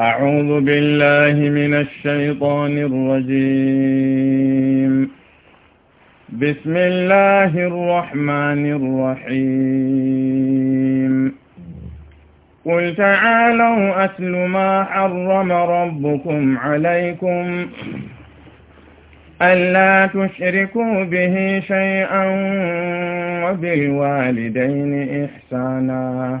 أعوذ بالله من الشيطان الرجيم بسم الله الرحمن الرحيم قل تعالوا أتل ما حرم ربكم عليكم ألا تشركوا به شيئا وبالوالدين إحساناً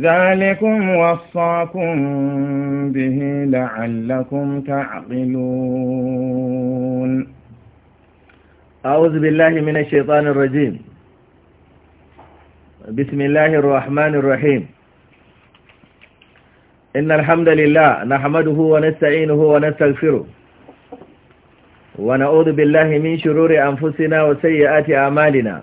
ذلكم وصاكم به لعلكم تعقلون أعوذ بالله من الشيطان الرجيم بسم الله الرحمن الرحيم إن الحمد لله نحمده ونستعينه ونستغفره ونعوذ بالله من شرور أنفسنا وسيئات أعمالنا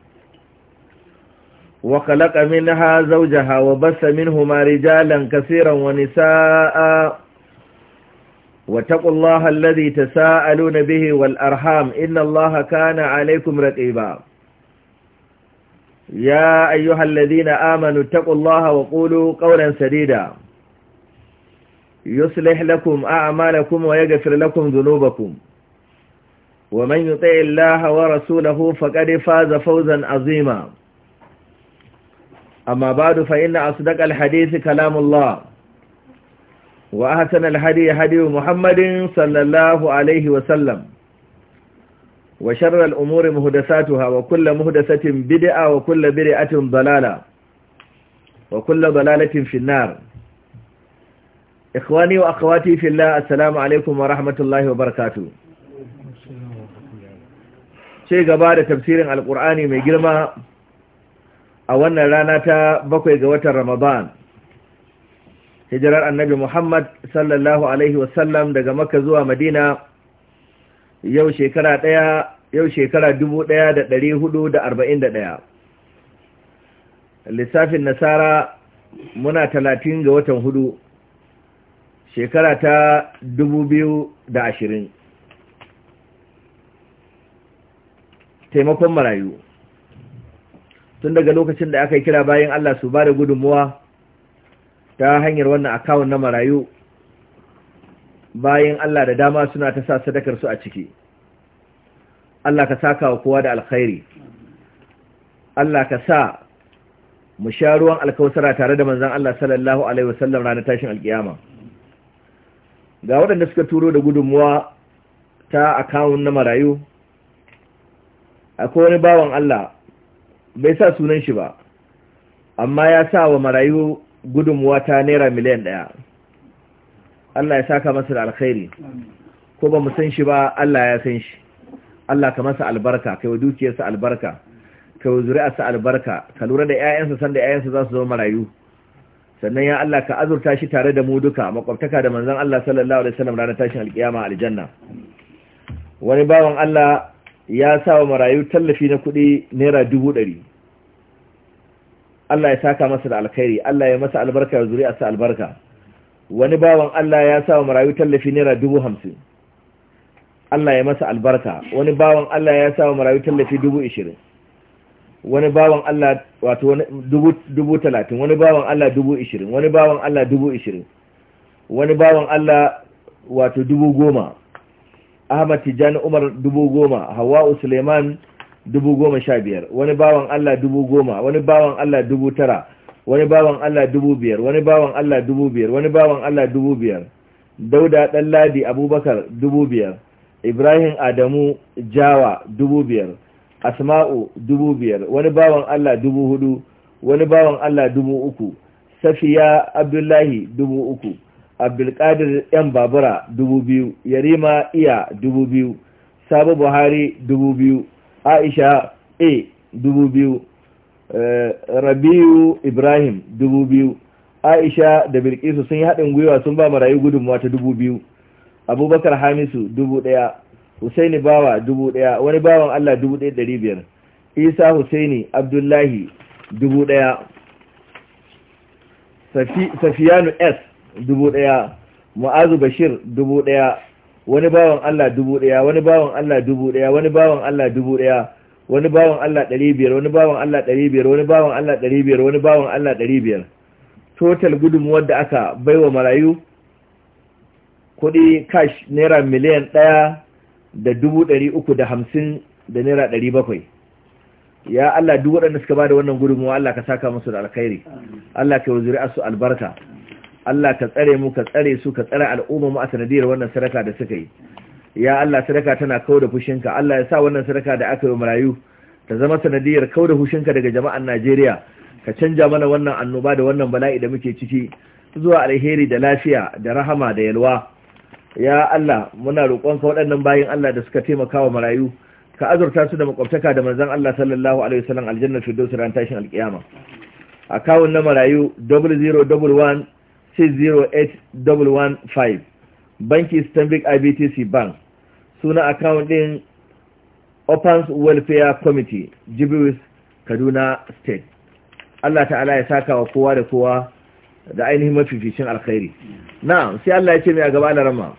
wa khalaqa minha zawjaha wa bassa minhumā rijālan kathīran wa nisā'a wa taqullāha alladhī tasā'alūna bihi wal arham innallāha kāna 'alaykum raqībā ya ayyuhalladhīna āmanū taqullāha wa qūlū qawlan sadīdā yuslih lakum a'mālakum wa yaghfir lakum dhunūbakum ومن يطع الله ورسوله فقد فاز فوزا amma ba da fa’in na asidak alhadisi kalamullah wa a hatan alhadi ya hadi muhammadin sallallahu alaihi wasallam wa sharar umuri muhudasatu ha wa kulla muhudasatin bidi'a wa kulla bidi'atin balala wa kulla balalatin finnar ikwani wa akwati filla assalamu alaikum wa rahmatullahi wa barakatu ce gaba da tafsirin alkur'ani mai girma a wannan rana ta bakwai ga watan ramadan hijirar annabi muhammad sallallahu alaihi wasallam daga makka zuwa madina yau shekara ɗaya yau shekara dubu ɗaya da dari hudu da arba'in da ɗaya lissafin nasara muna talatin ga watan hudu shekara ta dubu biyu da ashirin taimakon marayu tun daga lokacin da aka yi kira bayan Allah su ba da gudunmuwa ta hanyar wannan akawun na marayu bayan Allah da dama suna ta sa sadakar su a ciki Allah ka saka wa kowa da alkhairi Allah ka sa mu sha ruwan alkawusara tare da manzan Allah sallallahu alaihi wasallam ranar tashin alkiyama ga waɗanda suka turo da gudunmuwa ta akawun na marayu akwai wani bawan Allah bai sa sunan shi ba amma ya sa wa marayu gudunmuwa ta naira miliyan ɗaya Allah ya saka masa da alkhairi ko ba mu san shi ba Allah ya san shi Allah ka masa albarka kai wa dukiyarsa albarka kai wa zuri'arsa albarka ka lura da 'ya'yansa sanda 'ya'yansa za su zama marayu sannan ya Allah ka azurta shi tare da mu duka makwabtaka da manzon Allah sallallahu alaihi wasallam ranar tashin alkiyama aljanna wani bawan Allah ya sa wa marayu tallafi na kuɗi naira dubu ɗari Allah ya saka masa da alkhairi Allah ya masa albarka ya zuri sa albarka wani bawan Allah ya sa wa marayu tallafi naira dubu hamsin Allah ya masa albarka wani bawan Allah ya sa wa marayu tallafi dubu ishirin wani bawan Allah wato dubu talatin wani bawan Allah dubu ishirin wani bawan Allah dubu ishirin wani bawan Allah wato dubu goma ahmad tijjani umar dubu goma hawa'u suleiman dubu goma sha biyar wani bawan allah dubu goma wani bawan allah dubu tara wani bawan allah dubu biyar wani bawan allah dubu biyar wani bawan allah dubu biyar dauda dan abubakar dubu biyar ibrahim adamu jawa dubu biyar asma'u dubu biyar wani bawan allah dubu hudu wani bawan allah dubu uku safiya abdullahi dubu uku abdulkadir yan babura dubu biyu yarima iya dubu biyu sabo buhari dubu biyu aisha a dubu biyu eh, rabiu ibrahim dubu biyu aisha da bilkisu sun yi haɗin gwiwa sun ba marayu gudunmuwa ta dubu biyu abubakar hamisu dubu ɗaya husaini bawa dubu ɗaya wani bawan allah dubu ɗaya ɗari biyar isa husaini abdullahi dubu ɗaya safiyanu s dubu ɗaya mu'azu bashir dubu ɗaya wani bawan Allah dubu ɗaya wani bawan Allah dubu ɗaya wani bawan Allah dubu ɗaya wani bawan Allah ɗari biyar wani bawan Allah ɗari biyar wani bawan Allah ɗari biyar wani bawan Allah ɗari biyar total gudunmuwar da aka baiwa marayu kuɗi cash naira miliyan ɗaya da dubu ɗari uku da hamsin da naira ɗari bakwai ya Allah duk waɗanda suka ba da wannan gudunmuwa Allah ka saka musu da alkhairi Allah ka yi zuri'arsu albarka Allah ka tsare mu ka tsare su ka tsare al'umma mu a sanadiyar wannan sadaka da suka yi ya Allah sadaka tana kau da fushinka Allah ya sa wannan sadaka da aka yi marayu ta zama sanadiyar kau da fushinka daga jama'an Najeriya ka canja mana wannan annoba da wannan bala'i da muke ciki zuwa alheri da lafiya da rahama da yalwa ya Allah muna roƙon ka waɗannan bayin Allah da suka taimaka wa marayu ka azurta su da makwabtaka da manzon Allah sallallahu alaihi wasallam aljanna fi ran tashin alkiyama akawun na marayu 0011 60815 banki stanbic ibtc bank suna account din opens welfare committee jibiris kaduna state allah ta'ala ya saka wa kowa da kowa da ainihin mafificin alkhairi na sai allah ya ce mai a gaba da rama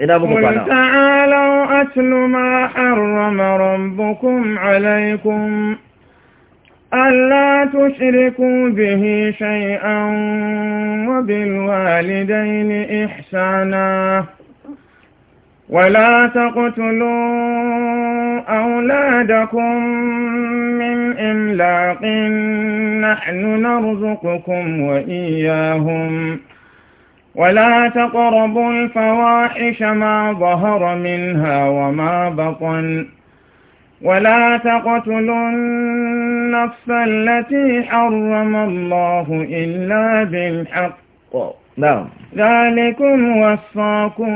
ina muku kwana ta'alau atlu ma harrama rabbukum alaikum ألا تشركوا به شيئا وبالوالدين إحسانا ولا تقتلوا أولادكم من إملاق نحن نرزقكم وإياهم ولا تقربوا الفواحش ما ظهر منها وما بطن ولا تقتلوا النفس التي حرم الله إلا بالحق نعم ذلكم وصاكم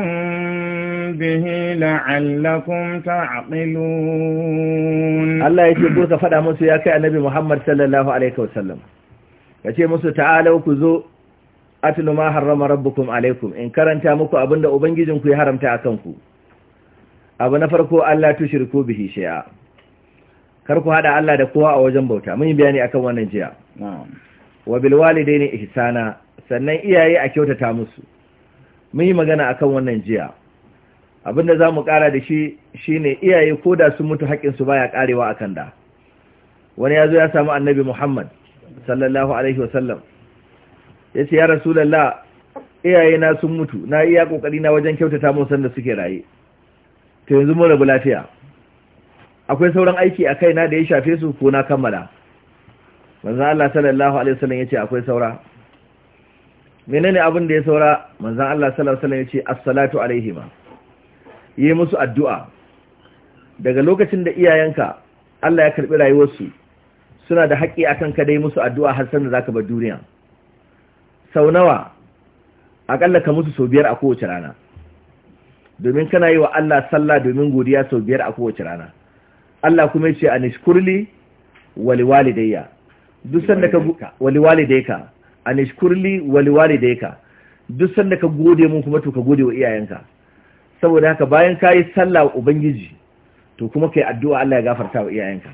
به لعلكم تعقلون الله يتبو تفدى مسو يا كأ النبي محمد صلى الله عليه وسلم يتي مسو تعالوا كذو أتلوا ما حرم ربكم عليكم إن كرنتا مكو أبند أبنجزنكو يحرمتا أكنكو abu na farko Allah tushirku bihi shay'a kar ku hada Allah da kowa a wajen bauta mun yi bayani akan wannan jiya wa bil walidaini ihsana sannan iyaye a kyautata musu mun yi magana akan wannan jiya abinda za mu kara da shi shine iyaye ko da sun mutu haƙin su baya karewa akan da wani yazo ya samu annabi Muhammad sallallahu alaihi wasallam ya ce ya rasulallah iyayena sun mutu na iya kokari na wajen kyautata musan sanda suke raye to yanzu mun rabu lafiya akwai sauran aiki a kaina da ya shafe su ko na kammala manzan Allah sallallahu alaihi wasallam yace akwai saura menene abin da ya saura manzan Allah sallallahu alaihi wasallam yace assalatu salatu ma? yi musu addu'a daga lokacin da iyayenka Allah ya karbi rayuwarsu suna da haƙƙi akan ka dai musu addu'a har san da zaka bar duniya sau nawa akalla ka musu sau biyar a kowace rana domin kana yi wa Allah sallah domin godiya sau biyar a kowace rana Allah kuma ya ce a nishkurli waliwalidayya duk sanda ka waliwalidayka a nishkurli waliwalidayka duk sanda ka gode mun kuma to ka gode wa iyayenka saboda haka bayan ka yi sallah wa ubangiji to kuma kai addu'a Allah ya gafarta wa iyayenka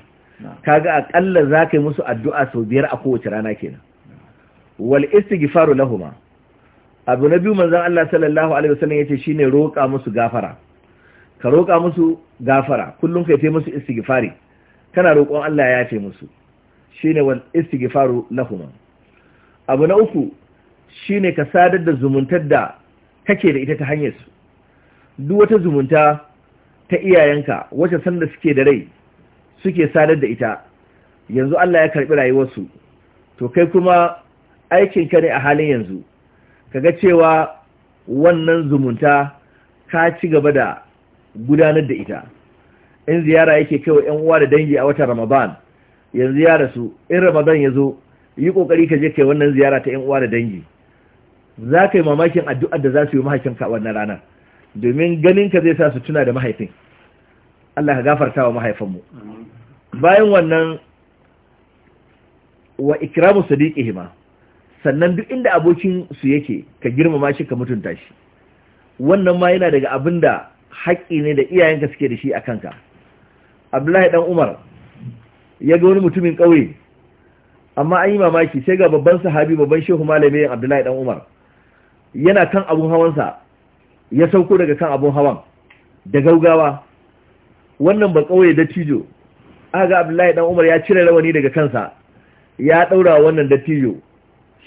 kaga akalla za ka yi musu addu'a sau biyar a kowace rana kenan wal istighfaru lahuma abu na biyu manzan Allah sallallahu alaihi ce, shi ne roƙa musu gafara ka roƙa musu gafara kullum kai yi musu istighfari kana roƙon Allah ya ce musu shi ne wal istighfaru lahum abu na uku shi ne ka sadar da zumuntar da kake da ita ta hanyar su duk wata zumunta ta iyayenka wacce sanda suke da rai suke sadar da ita yanzu Allah ya karɓi rayuwarsu to kai kuma aikinka ne a halin yanzu kaga cewa wannan zumunta ka ci gaba da gudanar da ita in ziyara yake wa yan uwa da dangi a watan ramadan yanzu ya rasu in ramadan ya zo yi kokari ka je kai wannan ziyara ta yan uwa da dangi za ka yi mamakin addu'ar da za su yi mahaifinka ka wannan rana, domin ganin ka zai sa su tuna da mahaifin Allah ka gafarta wa mahaifinmu. bayan wannan wa ikramu sadiqihima sannan duk inda abokin su yake ka girmama shi ka mutunta shi wannan ma yana daga abin da haƙƙi ne da iyayenka suke da shi a kanka abdullahi dan umar ya ga wani mutumin ƙauye amma an yi mamaki sai ga babban sahabi babban shehu malami yin abdullahi dan umar yana kan abun hawansa ya sauko daga kan abun hawan da gaugawa wannan ba ƙauye da tijo aka ga abdullahi dan umar ya cire rawani daga kansa ya ɗaura wannan dattijo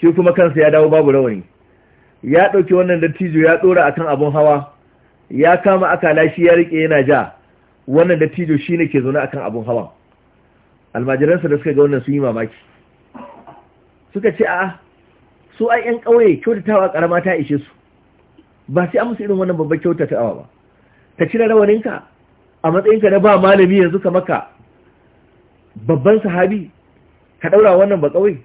shi kuma kansa ya dawo babu rawani ya ɗauki wannan dattijo ya ɗora akan abun hawa ya kama akala shi ya rike yana ja wannan dattijo shi ne ke zaune akan abun hawa almajiransa da suka ga wannan sun yi mamaki suka ce a'a su ai yan ƙauye kyautatawa ƙarama ta ishe su ba sai an musu irin wannan babban kyautatawa ba ka cire rawaninka a matsayinka na ba malami yanzu ka maka babban sahabi ka ɗaura wannan ba ƙauye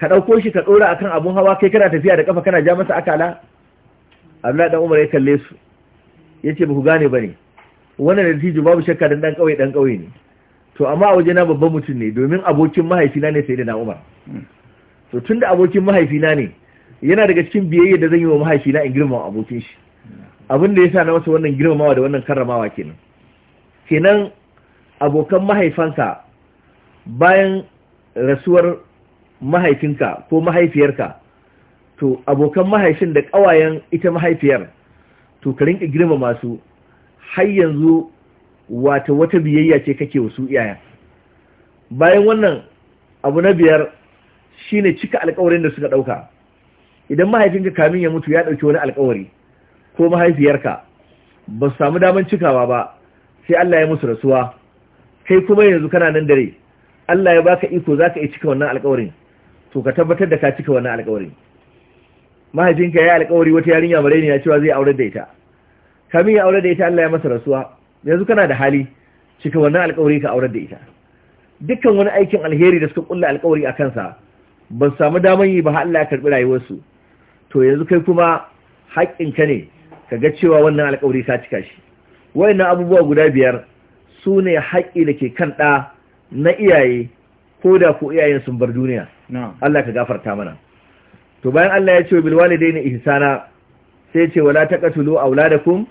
ka ɗauko shi ka ɗora akan abun hawa kai kana tafiya da ƙafa kana ja masa akala abdullahi dan umar ya kalle su ya ce ba ku gane ba ne wannan da babu shakka dan ɗan ƙauye ɗan ƙauye ne to amma a wajena babban mutum ne domin abokin mahaifina ne sai da na umar hmm. to tun da abokin mahaifina ne yana daga cikin biyayya da zan yi wa mahaifina in girmama abokin shi abin da ya sa na masa wannan girmamawa da wannan karramawa kenan kenan abokan mahaifanka bayan rasuwar mahaifinka ko mahaifiyarka to abokan mahaifin da ƙawayen ita mahaifiyar to ka rinka girma masu har yanzu wata wata biyayya ce kake wasu iyaya. bayan wannan abu na biyar shine cika alkawarin da suka ɗauka idan mahaifinka kamin ya mutu ya ɗauki wani alkawari ko mahaifiyarka ba su samu daman cikawa ba sai Allah ya musu rasuwa kai kuma yanzu kana nan dare Allah ya baka iko zaka iya cika wannan alkawarin to ka tabbatar da ka cika wannan alƙawarin mahaifinka ya yi alƙawari wata yarinya bare ne ya cewa zai aure da ita kamin ya aure da ita Allah ya masa rasuwa yanzu kana da hali cika wannan alƙawari ka aure da ita dukkan wani aikin alheri da suka kulla alƙawari a kansa ba su samu damar yi ba har Allah ya karɓi rayuwarsu to yanzu kai kuma ka ne ka ga cewa wannan alƙawari ka cika shi wayannan abubuwa guda biyar su ne haƙƙi da ke kan ɗa na iyaye ko da ko iyayen sun bar duniya Allah ka gafarta mana to bayan Allah ya ce bil walidaini ihsana sai ya ce wala taqtulu auladakum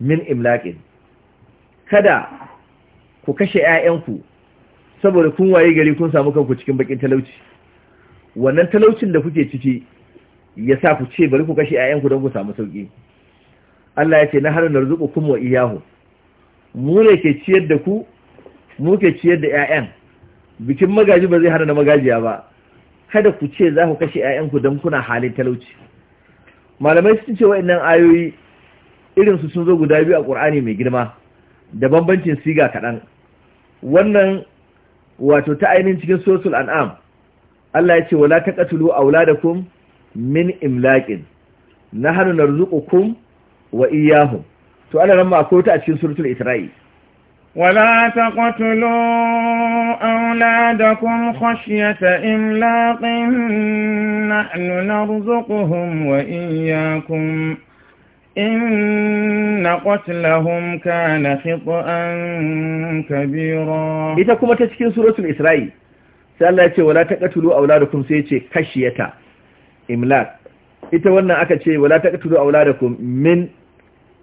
min imlaqin kada ku kashe 'ya'yanku saboda kun waye gari kun samu kanku cikin bakin talauci wannan talaucin da kuke ciki ya sa ku ce bari ku kashe ƴaƴanku don ku samu sauki Allah ya ce na harin narzuqukum wa iyahu mu ne ke ciyar da ku mu ke ciyar da ƴaƴan bikin magaji ba zai hana na magajiya ba kada ku ce za ku kashe 'ya'yanku don kuna halin talauci malamai sun ce wa’innan ayoyi su sun zo guda biyu a ƙur'ani mai girma da bambancin siga kaɗan wannan wato ta ainihin cikin sosul an'am Allah ya ce wala ta a wula da kum min imlaƙin, na nahnu kum wa iyyahum to Allah ran ma akwai ta a cikin suratul isra'i wala ta kwatulo aula da kun kwashiyata im laqin na anu na ruzo ko hun kun na kwatila hun na fi ko an ita kuma ta cikin surutun isra'i sai allah ce wala ta kwatulo aula da kun sai ce kashiyata ita wannan aka ce wala ta kwatulo aula da kun min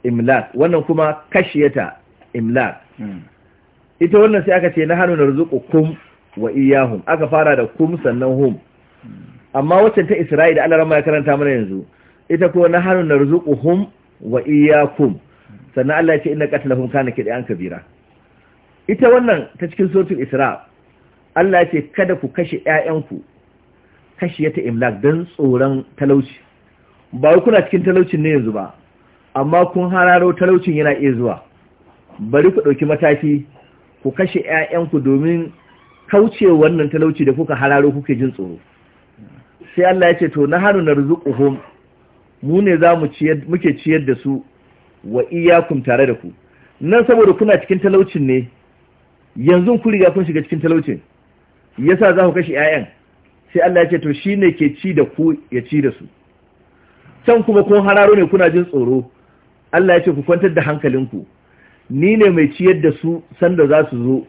im wannan kuma kashiyata imla hmm. ita wannan sai aka ce na hannu rizuku kum wa iyahum aka fara da kum sannan hum hmm. amma waccan ta da Allah rama ya karanta mana yanzu ita kuwa na hannu rizuku hum wa iyakum sannan Allah ya ce inna qatlahum kana kidan kabira ita wannan ta cikin suratul isra Allah ya ce kada ku kashe ƴaƴanku kashiyata imlak dan tsoron talauci ba kuna cikin talaucin ne yanzu ba amma kun hararo talaucin yana iya zuwa bari ku ɗauki mataki ku kashe 'ya'yanku domin kauce wannan talauci da kuka hararo kuke jin tsoro sai Allah ya ce to na hannu na mu ne za ciyar muke ciyar da su wa iyakun tare da ku nan saboda kuna cikin talaucin ne yanzu ku riga kun shiga cikin talaucin yasa za ku kashe 'ya'yan sai Allah ya ce to ne ke ci da ku ya ci da su can kuma kun hararo ne kuna jin tsoro Allah ya ce ku kwantar da hankalinku ni ne mai ciyar da su sanda za su zo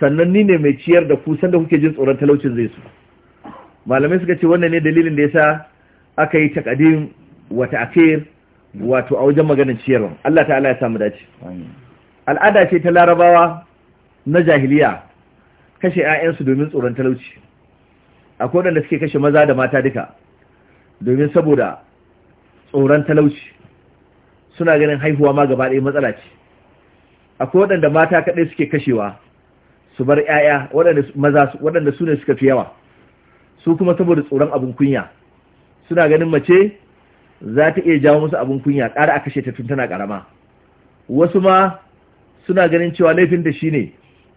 sannan ni ne mai ciyar da ku sanda kuke jin tsoron talaucin zai su malamai suka ce wannan ne dalilin da ya sa aka yi takadin wata akir wato a wajen maganin ciyarwa Allah ta'ala ya samu dace al'ada ce ta larabawa na jahiliya kashe 'ya'yansu domin tsoron talauci akwai waɗanda suke kashe maza da mata duka domin saboda tsoron talauci suna ganin haihuwa ma gaba ɗaya matsala ce akwai waɗanda mata kaɗai suke kashewa su bar 'ya'ya waɗanda su ne suka fi yawa su kuma saboda tsoron abin kunya suna ganin mace za ta iya jawo musu abin kunya ƙara a kashe ta tun tana ƙarama wasu ma suna ganin cewa laifin da shi ne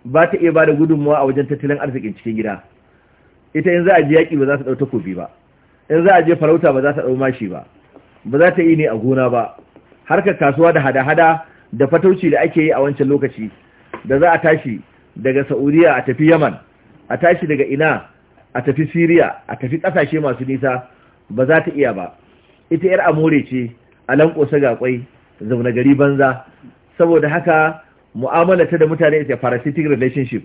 ba ta iya ba da gudunmawa a wajen tattalin arzikin cikin gida ita in za a je yaƙi ba za ta ɗau takobi ba in za a je farauta ba za ta ɗau mashi ba ba za ta yi ne a gona ba harkar kasuwa da hada-hada da fatauci da ake yi a wancan lokaci da za a tashi daga saudiya a tafi yaman a tashi daga ina a tafi siriya a tafi ƙasashe masu nisa ba za ta iya ba ita 'yar amore ce a lankosa ga kwai zaune gari banza saboda haka mu'amala ta da mutane ita parasitic relationship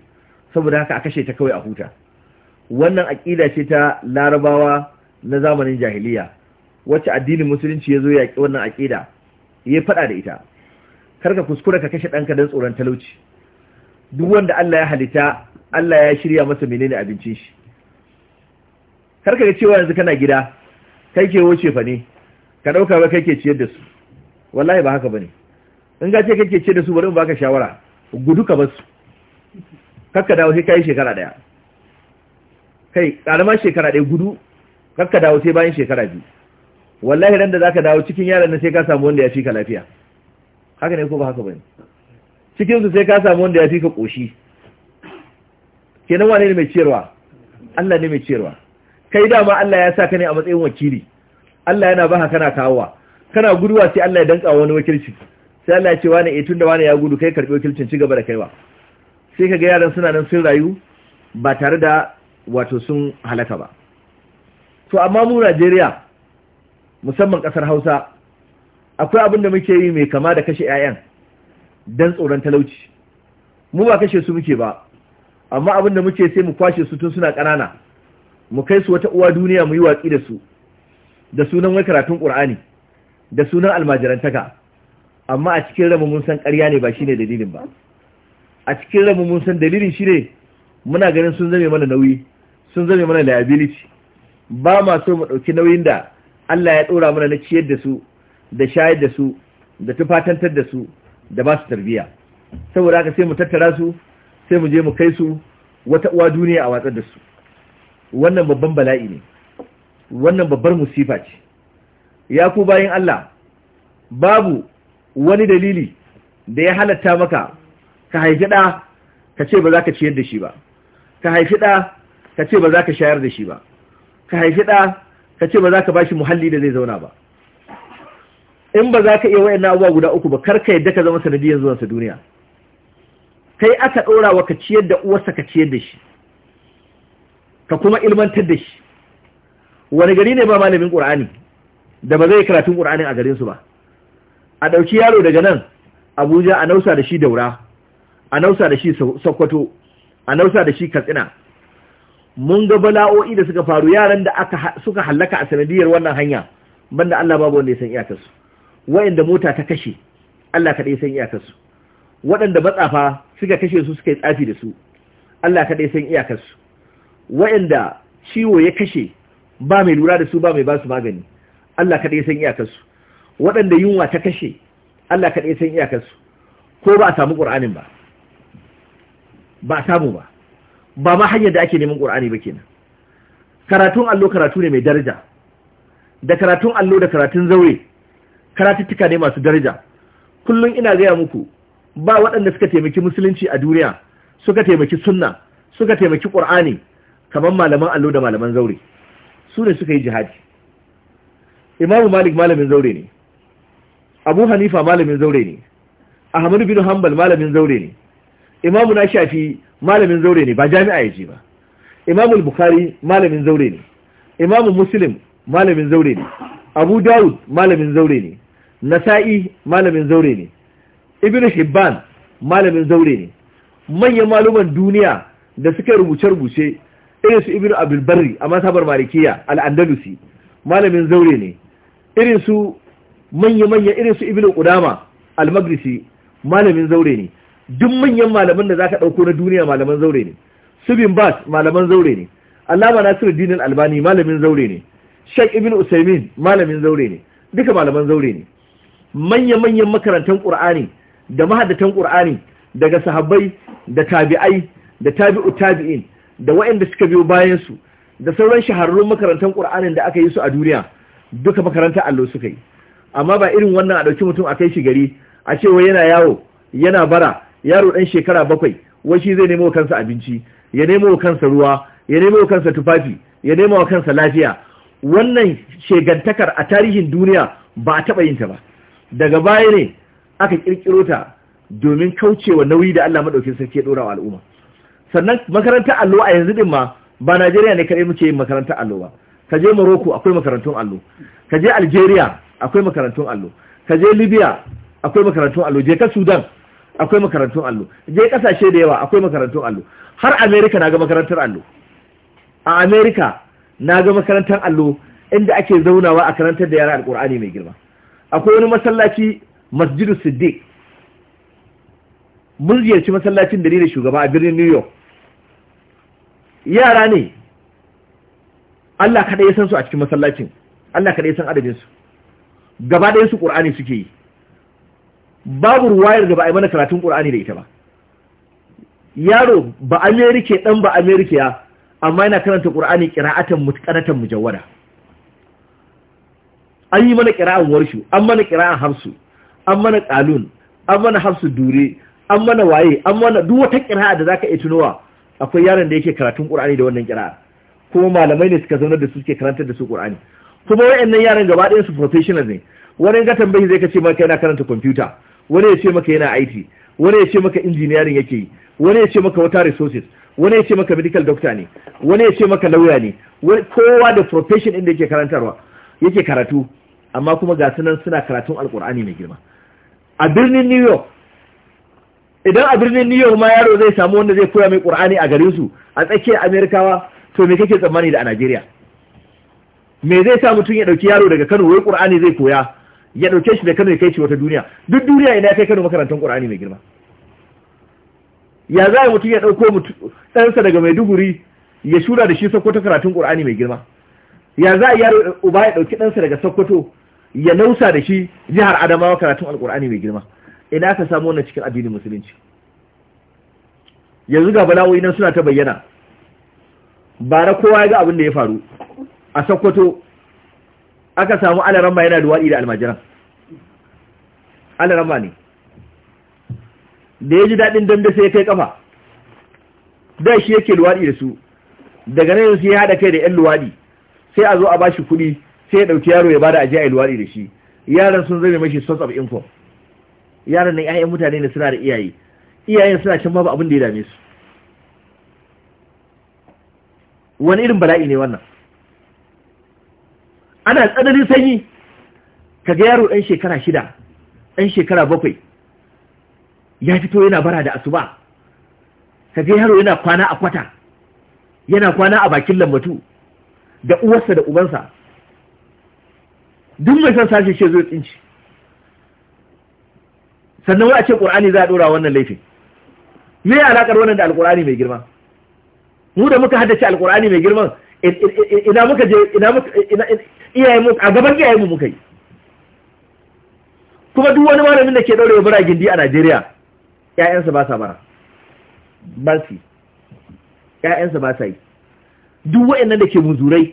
saboda haka a kashe ta kawai a huta wannan aƙida ce ta larabawa na zamanin jahiliya wacce addinin musulunci ya zo yaƙi wannan aƙida ya faɗa da ita kar ka kuskura ka kashe ɗanka don tsoron talauci duk wanda Allah ya halitta Allah ya shirya masa menene abincin shi kar ka ga cewa yanzu kana gida kai ke wuce fa ne ka ɗauka ba kai ke ciyar da su wallahi ba haka bane in ga ce kake ciyar da su bari in baka shawara gudu ka basu kakka dawo sai kai shekara daya kai ƙarama shekara daya gudu kakka dawo sai bayan shekara biyu wallahi ran da zaka dawo cikin yaran nan sai ka samu wanda ya fi ka lafiya haka ne ko ba haka ne cikin su sai ka samu wanda ya fi ka koshi kenan wane ne mai ciyarwa Allah ne mai ciyarwa kai dama Allah ya sa ka ne a matsayin wakili Allah yana baka kana kawowa kana guduwa sai Allah ya danka wani wakilci sai Allah ya ce wani eh tunda wani ya gudu kai karbi wakilcin ci gaba da kaiwa sai kaga yaran suna nan sun rayu ba tare da wato sun halaka ba to amma mu Najeriya musamman kasar Hausa akwai abin da muke yi mai kama da kashe 'ya'yan don tsoron talauci mu ba kashe su muke ba amma abin da muke sai mu kwashe su tun suna ƙanana mu kai su wata uwa duniya mu yi watsi da su da sunan wai karatun ƙur'ani da sunan almajirantaka amma a cikin ramu mun san ƙarya ne ba shi ne dalilin ba a cikin ramu mun san dalilin shine muna ganin sun zame mana nauyi sun zame mana liability ba ma so mu ɗauki nauyin da Allah ya ɗora mana na ciyar da su da shayar da su da tufatantar da su da ba su tarbiya saboda haka sai mu tattara su sai mu je mu kai su wata uwa duniya a watsar da su wannan babban bala'i ne wannan babbar musifa ce ya ku bayan Allah babu wani dalili da ya halatta maka ka haifi ɗa ka ce ba za ka ciyar da shi ba ka haifi ɗa ka ce ba za ka shayar da shi ba ka haifi ɗa ka ce ba za ka ba shi muhalli da zai zauna ba in ba za ka iya wayan abuwa guda uku ba kar ka yadda ka zama sanadiyar zuwansa duniya kai aka ɗora wa ka ciyar da uwarsa ka ciyar da shi ka kuma ilmantar da shi wani gari ne ba malamin ƙur'ani da ba zai karatun ƙur'anin a garinsu ba a ɗauki yaro daga nan abuja a nausa da shi daura a nausa da shi sokoto a nausa da shi katsina mun ga bala'o'i da suka faru yaran da suka hallaka a sanadiyar wannan hanya banda allah babu wanda ya san iyakarsu wayanda mota ta kashe Allah kaɗai san iyakarsu waɗanda matsafa suka kashe su suka yi tsafi da su Allah kaɗai san iyakarsu waɗanda ciwo ya kashe ba mai lura da su ba mai ba magani Allah kaɗai san iyakarsu waɗanda yunwa ta kashe Allah kaɗai san iyakarsu ko ba a samu ƙur'anin ba ba a samu ba ba ma hanyar da ake neman ƙur'ani ba kenan karatun allo karatu ne mai daraja da karatun allo da karatun zaure karatuttuka ne masu daraja kullum ina gaya muku ba waɗanda suka taimaki musulunci a duniya suka taimaki sunna suka taimaki ƙur'ani kamar malaman allo da malaman zaure su ne suka yi jihadi imamu malik malamin zaure ne abu hanifa malamin zaure ne ahmadu bin hanbal malamin zaure ne imamu na shafi malamin zaure ne ba jami'a ya ji ba imamu bukhari malamin zaure ne imamu muslim malamin zaure ne abu dawud malamin zaure ne nasa'i malamin zaure ne ibn shibban malamin zaure ne manyan maluman duniya da suka rubuce-rubuce irinsu ibn abulbarri a masabar malikiya al'andalusi malamin zaure ne irinsu manya-manya irinsu ibn kudama al-magrisi malamin zaure ne duk manyan malaman da za ka ɗauko na duniya malaman zaure ne su bin bas malaman zaure ne allama nasiruddin albani malamin zaure ne shek ibn usaimin malamin zaure ne duka malaman zaure ne manya-manyan makarantar ƙur'ani da mahadatan ƙur'ani daga sahabbai da tabi'ai da tabi'u tabi'in da waɗanda suka biyo bayansu da sauran shahararrun makarantar ƙur'anin da aka yi su a duniya duka makarantar allo suka yi amma ba irin wannan a ɗauki mutum a kai shi gari a ce wai yana yawo yana bara yaro ɗan shekara bakwai wai shi zai nemo kansa abinci ya nemo kansa ruwa ya nemo kansa tufafi ya nemo kansa lafiya wannan shegantakar a tarihin duniya ba a taɓa yin ta ba daga baya ne aka kirkiro ta domin kaucewa nauyi da Allah madaukin sarki ya dora wa al'umma sannan makarantar allo a yanzu din ma ba Najeriya ne kaɗai muke yin makarantar allo ba ka je Morocco akwai makarantun allo ka je Algeria akwai makarantun allo ka je Libya akwai makarantun allo je ka Sudan akwai makarantun allo je kasashe da yawa akwai makarantun allo har America na ga makarantar allo a America na ga makarantar allo inda ake zaunawa a karantar da yara alkur'ani mai girma akwai wani masallaci masjidu siddiq mun ziyarci masallacin da ni da shugaba a birnin new york yara ne allah kaɗai ya san su a cikin masallacin allah kaɗai ya san adadinsu gaba ɗaya su ƙur'ani suke yi babu ruwayar da ba a yi mana karatun ƙur'ani da ita ba yaro ba amerike ɗan ba amerikiya amma yana karanta ƙur'ani ƙira'atan mutkanatan mujawwada an yi mana kira'an warshu an mana kira'an hamsu. an mana kalun an mana hafsu dure an mana waye an mana duk wata kira'a da zaka iya tunowa akwai yaron da yake karatun qur'ani da wannan kira'a kuma malamai ne suka zauna da su suke karantar da su qur'ani kuma wayannan yaran gaba ɗayan su professionals ne wani ga tambayi zai kace maka yana karanta computer wani ya ce maka yana IT wani ya ce maka engineering yake yi wani ya ce maka wata resources wani ya ce maka medical doctor ne wani ya ce maka lawyer ne kowa da profession inda yake karantarwa yake karatu amma kuma ga sunan suna karatun alkur'ani mai girma a birnin new york idan a birnin new york ma yaro zai samu wanda zai koya mai ƙur'ani a garin su a tsakiyar amerikawa to me kake tsammani da a najeriya me zai sa mutum ya ɗauki yaro daga kano wai kurani zai koya ya ɗauke shi da kano ya kai shi wata duniya duk duniya ina ya kai kano makarantar ƙur'ani mai girma ya za a mutum ya ɗauko ɗansa daga maiduguri ya shura da shi sokoto karatun ƙur'ani mai girma ya za a yaro uba ya ɗauki ɗansa daga sokoto ya nausa da shi jihar adamawa karatun alkur'ani mai girma ina ka samu wannan cikin addinin musulunci yanzu ga bala'o'i nan suna ta bayyana bara kowa ya ga abin da ya faru a sakkwato aka samu alaramba yana duwaɗi da almajiran alaramba ne da ya ji daɗin dambe sai ya kai kafa da shi yake luwaɗi da su daga nan yanzu ya haɗa kai da 'yan luwaɗi sai a zo a ba shi kuɗi sai ya dauki yaro ya bada aje a da shi yaran sun zame mashi source of income yaran nan ƴaƴan mutane ne suna da iyaye iyayen suna can babu abin da ya dame su wani irin bala'i ne wannan ana tsananin sanyi Ka ga yaro ɗan shekara shida ɗan shekara bakwai ya fito yana bara da asuba Ka ga yaro yana kwana a kwata yana kwana a bakin lambatu da uwarsa da ubansa duk mai son sashi ce zai tsinci sannan wai a ce ƙur'ani za a ɗora wannan laifin me ya alaƙar wannan da alƙur'ani mai girma mu da muka haddace alƙur'ani mai girman ina muka je ina muka iyaye mu a gaban iyaye mu muka yi kuma duk wani malamin da ke ɗaure wa bara gindi a Najeriya ƴaƴansa ba sa bara ba su ƴaƴansa ba sa yi duk waɗannan da ke muzurai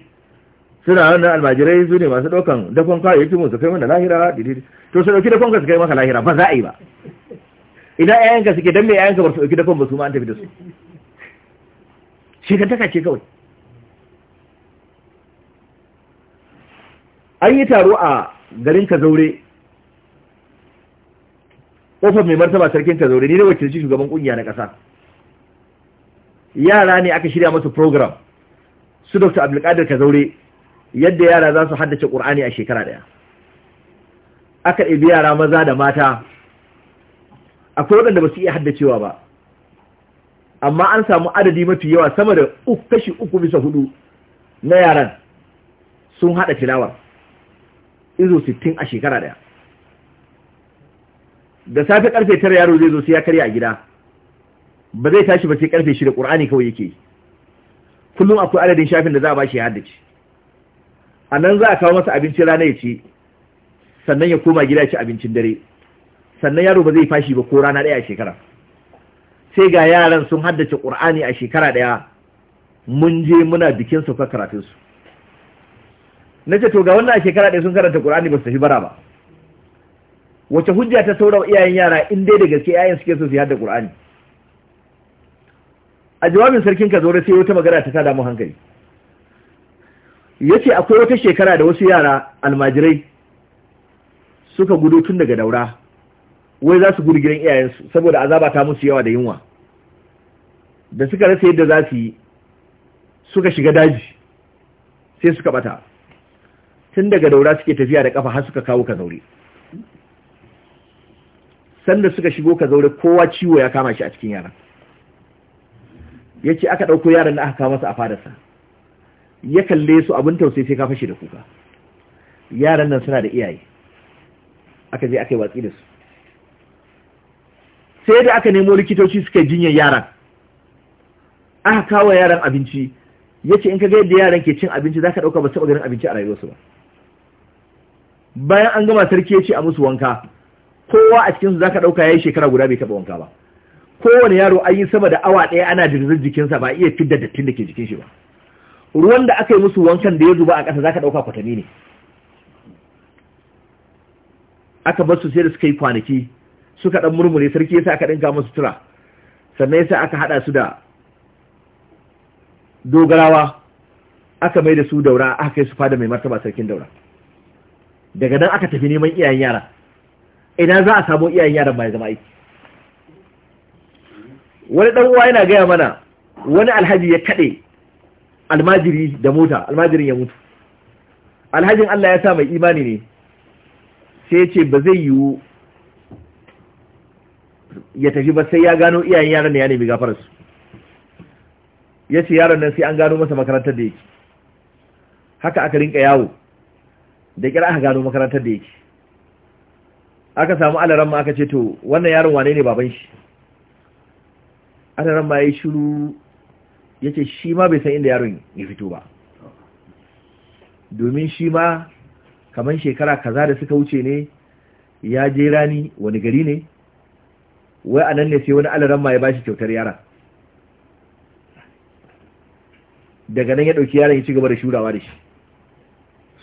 suna nan almajirai su ne masu ɗaukan dafon kayayyaki mu su kai mana lahira to su dauki dafon ka su kai maka lahira ba za a yi ba idan ka suke dan me ka ba su dauki dafon ba su ma an tafi da su shi ka taka ce kawai an yi taro a garin zaure kofar mai martaba sarkin zaure ni da wakilci shugaban kungiya na ƙasa yara ne aka shirya masu program su dr abdulkadir zaure yadda yara za su haddace ƙur'ani a shekara ɗaya aka ɗabi yara maza da mata akwai waɗanda ba su iya haddacewa ba amma an samu adadi mafi yawa sama da kashi uku bisa hudu na yaran sun haɗa tilawar izo sittin a shekara ɗaya da safe karfe tara yaro zai zo sai ya karya a gida ba zai tashi ba sai shi da ƙur'ani kawai yake kullum akwai adadin shafin da za a ba shi ya haddace a nan za a kawo masa abincin rana ya ci sannan ya koma gida ya ci abincin dare sannan yaro ba zai fashi ba ko rana ɗaya a shekara sai ga yaran sun haddace ƙur'ani a shekara ɗaya mun je muna bikin sauka karatunsu na ce to ga wannan a shekara ɗaya sun karanta ƙur'ani ba su tafi bara ba wace hujja ta saurawa iyayen yara in dai da gaske iyayen suke so su hadda ƙur'ani a jawabin sarkin ka zaure sai wata magana ta tada mu hankali ya ce akwai wata shekara da wasu yara almajirai suka gudu tun daga daura wai za su gudu gidan iyayensu saboda azaba ta musu yawa da yunwa da suka rasa yadda za su yi suka shiga daji sai suka bata tun daga daura suke tafiya da kafa har suka kawo ka zaure sanda suka shigo ka zaure kowa ciwo ya kama shi a cikin yaran ya aka ɗauko yaran da aka kawo masa a fadarsa ya kalle su abin tausayi sai ka fashe da kuka yaran nan suna da iyaye aka je aka yi watsi da su sai da aka nemo likitoci suka jinyar yaran aka kawo yaran abinci ya ce in ka ga yadda yaran ke cin abinci za ka ɗauka ba taba ganin abinci a rayuwarsu ba bayan an gama sarki ya ce a musu wanka kowa a cikinsu za ka ɗauka ya yi shekara guda bai taɓa wanka ba kowane yaro an yi sama da awa ɗaya ana jirgin jikinsa ba iya fidda dattin da ke jikin shi ba ruwan da aka yi musu wankan da ya zuba a ƙasa za ka ɗauka kwatami ne aka bar su sai da suka yi kwanaki suka ɗan murmure sarki ya sa aka ɗinka musu tura sannan ya sa aka haɗa su da dogarawa aka mai da su daura aka kai su fada mai martaba sarkin daura daga nan aka tafi neman iyayen yara ina za a samu iyayen yaran mai zama aiki wani ɗan uwa yana gaya mana wani alhaji ya kaɗe. almajiri da mota almajirin ya mutu alhajin Allah ya sa mai imani ne sai ya ce ba zai yiwu ya tafi ba sai ya gano iyayen yaran da ya nemi gafararsu ya ce yaron nan sai an gano masa makarantar da yake haka aka rinka yawo da kira aka gano makarantar da yake aka samu alaran ma aka ce to wannan yaron wane ne baban shi alaran ma ya yi shiru ya ce shi ma bai san inda yaron ya fito ba domin shi ma kamar shekara kaza da suka wuce ne ya je rani wani gari ne wai a nan ne sai wani alaran ma ya bashi kyautar yara daga nan ya ɗauki yaron ya ci gaba da shurawa da shi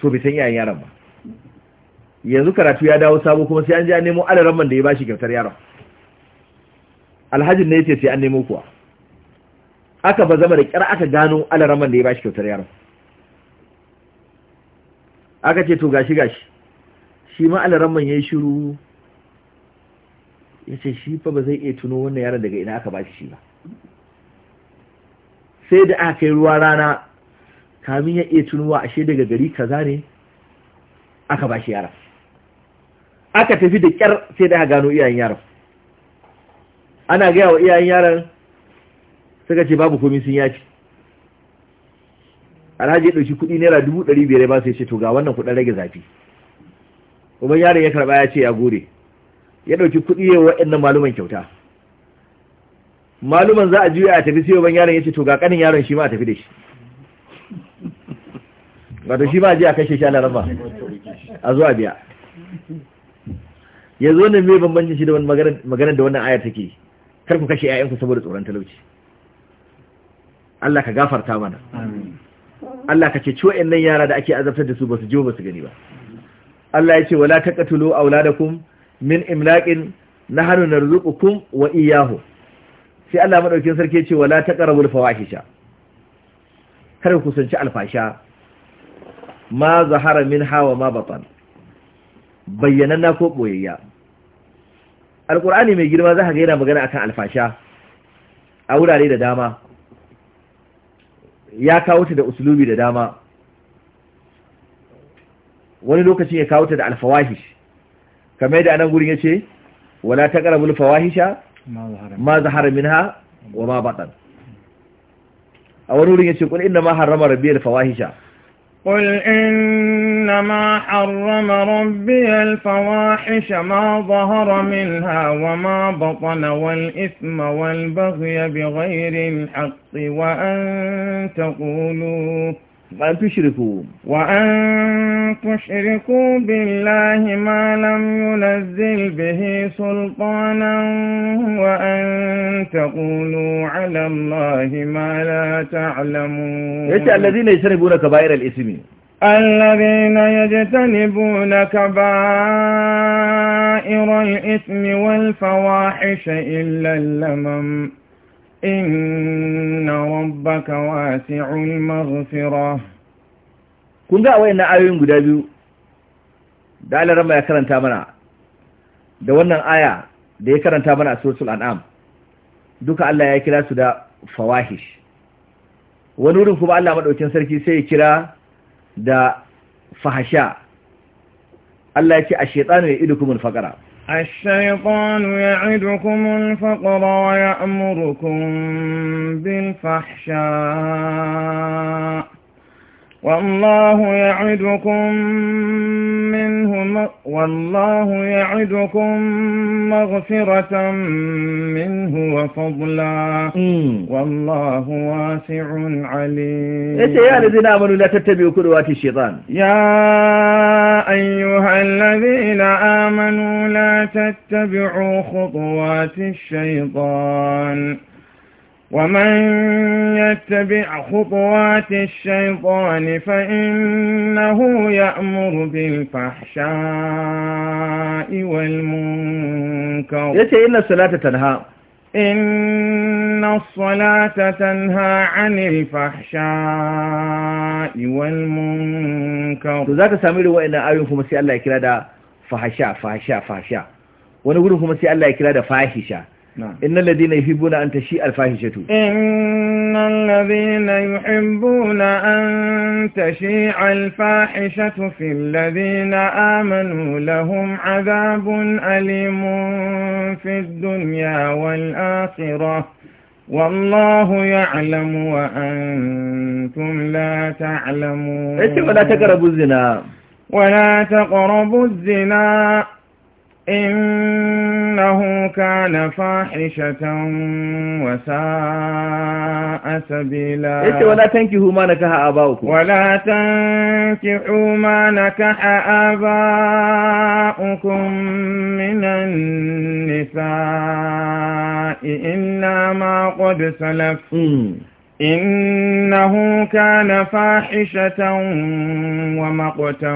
so bai san iyayen yaron ba yanzu karatu ya dawo sabo kuma sai an ji an nemo alaran man da ya bashi kyautar yaron alhajin ne ya ce sai an nemo kuwa aka ba zama da kyar aka gano alaraman da ya bashi kyautar yaron aka ce to gashi gashi shi ma alaraman ya yi shiru ya ce shi fa ba zai iya tuno wannan yaron daga ina aka bashi shi ba sai da aka yi ruwa rana kamin ya iya tunuwa ashe daga gari kaza ne aka bashi yaron aka tafi da kyar sai da aka gano iyayen yaron ana gaya wa iyayen yaron suka ce babu komai sun yaki. alhaji ya ɗauki kuɗi naira dubu ɗari biyar ya ba su ya ce to ga wannan kuɗin rage zafi uban yaron ya karɓa ya ce ya gode ya ɗauki kuɗi ya waɗannan maluman kyauta maluman za a juya a tafi sai uban yaron ya ce to ga ƙanin yaron shi ma a tafi da shi wato shi ma a je a kashe shi a Laraba. a zuwa biya yanzu wannan mai bambancin shi da maganar da wannan ayar take kar ku kashe 'ya'yanku saboda tsoron talauci Allah ka gafarta mana Allah ka ceci wayannan yara da ake azabtar da su basu jiwo basu gani ba Allah ya ce wala taqatulu auladakum min na nahnu narzuqukum wa iyyahu sai Allah madaukin sarki ya ce wala taqrabul fawahisha kar ku kusanci alfasha ma zahara min hawa ma batan na ko boyayya Alƙur'ani mai girma za ka ga yana magana akan alfasha a wurare da dama ya kawo ta da usulubi da dama wani lokacin ya kawo ta da alfawahish kamar yadda anan gurin yace wala taqrabul fawahisha ma zahara minha wa ma batan a wani wurin yace kun inna ma harrama rabbi fawahisha qul in إنما حرم ربي الفواحش ما ظهر منها وما بطن والإثم والبغي بغير الحق وأن تقولوا وأن تشركوا وأن تشركوا بالله ما لم ينزل به سلطانا وأن تقولوا على الله ما لا تعلمون يتي الذين يشربون كبائر الإثم الذين يجتنبون كبائر الإثم والفواحش إلا اللمم إن ربك واسع المغفرة kun ga wayan ayoyin guda biyu da Allah rama ya karanta mana da wannan aya da ya karanta mana a suratul an'am duka Allah ya kira su da fawahish wani wurin kuma Allah madaukin sarki sai ya kira da fahasha Allah ya ce a shaitanu ya idukumul faqara الشيطان يعدكم الفقر bin بالفحشاء والله يعدكم منه والله يعدكم مغفرة منه وفضلا والله واسع عليم إيش يا الذين آمنوا لا تتبعوا كروات الشيطان يا أيها الذين آمنوا لا تتبعوا خطوات الشيطان ومن يتبع خطوات الشيطان فإنه يأمر بالفحشاء والمنكر يتي إن الصلاة تنهى إن الصلاة تنهى عن الفحشاء والمنكر ذاك سامير وإن آيوكم سي الله يكرا فحشاء فحشاء فحشاء ونقولكم سي الله يكرا فاحشة إن الذين يحبون أن تشيء الفاحشة إن الذين يحبون أن تشيع الفاحشة في الذين آمنوا لهم عذاب أليم في الدنيا والآخرة والله يعلم وأنتم لا تعلمون ولا تقربوا الزنا ولا تقربوا الزنا إنه كان فاحشة وساء سبيلا إيش ولا تنكحوا ما نكح آباؤكم ولا تنكحوا ما نكح آباؤكم من النساء إلا ما قد سلف إنه كان فاحشة ومقتا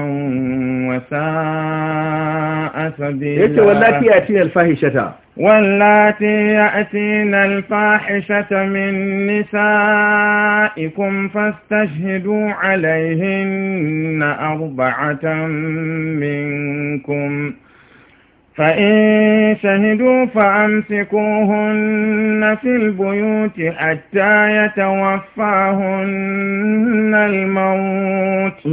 وساء سبيلا يتي واللاتي يأتين الفاحشة واللاتي يأتين الفاحشة من نسائكم فاستشهدوا عليهن أربعة منكم فإن شهدوا فأمسكوهن في البيوت حتى يتوفاهن الموت